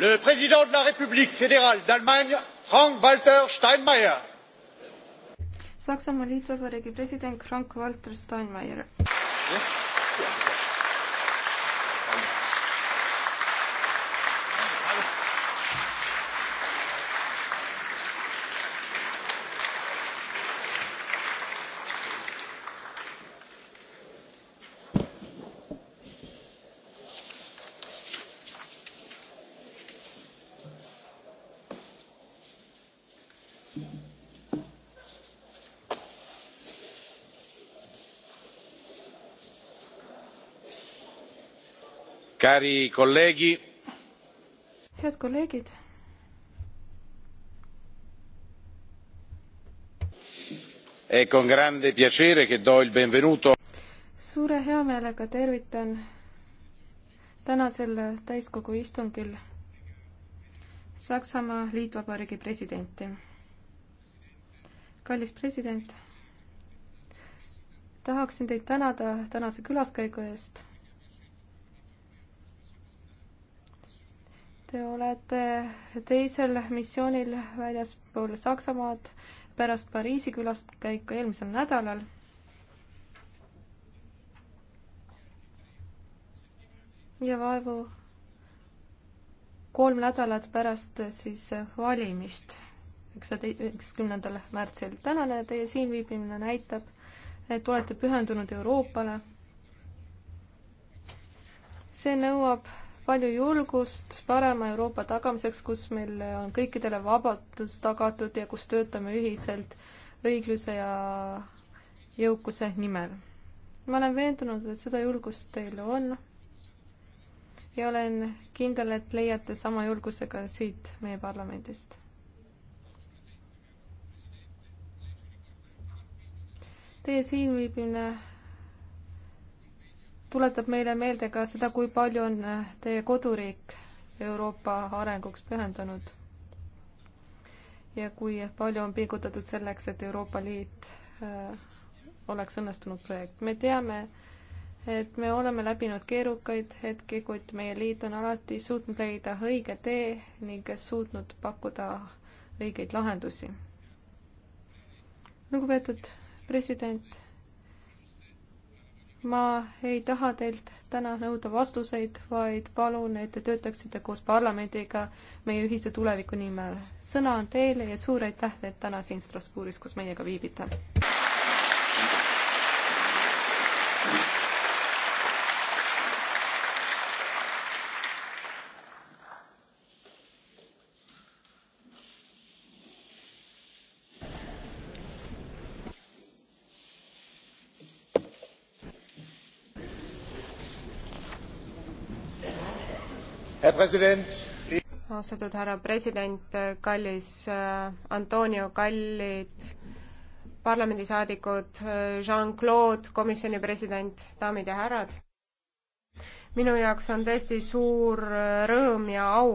le président de la République fédérale d'Allemagne, Frank-Walter Steinmeier. Saksamaa liitvabariigi president Frank-Walter Steinmeier. cari colleghi head kolleegid è con grande piacere che do il benvenuto suure heameelega tervitan tänasel täiskogu istungil saksamaa liitvabariigi presidenti kallis president, tahaksin teid tänada tänase külaskäigu eest. Te olete teisel missioonil väljaspool Saksamaad pärast Pariisi külaskäiku eelmisel nädalal ja vaevu kolm nädalat pärast siis valimist üheksateistkümnendal märtsil. tänane teie siin viibimine näitab, et olete pühendunud Euroopale. see nõuab palju julgust parema Euroopa tagamiseks, kus meil on kõikidele vabadus tagatud ja kus töötame ühiselt õigluse ja jõukuse nimel. ma olen veendunud, et seda julgust teil on ja olen kindel, et leiate sama julguse ka siit meie parlamendist Teie siinviibimine tuletab meile meelde ka seda, kui palju on äh, teie koduriik Euroopa arenguks pühendunud. ja kui palju on pingutatud selleks, et Euroopa Liit äh, oleks õnnestunud projekt. me teame, et me oleme läbinud keerukaid hetki, kuid meie liit on alati suutnud leida õige tee ning suutnud pakkuda õigeid lahendusi. lugupeetud president, ma ei taha teilt täna nõuda vastuseid, vaid palun, et te töötaksite koos parlamendiga meie ühise tuleviku nimel. sõna on teile ja suur aitäh, et täna siin Strasbourgis koos meiega viibite. austatud härra president, kallis äh, Antonio, kallid parlamendisaadikud, äh, Jean-Claude, komisjoni president, daamid ja härrad. minu jaoks on tõesti suur äh, rõõm ja au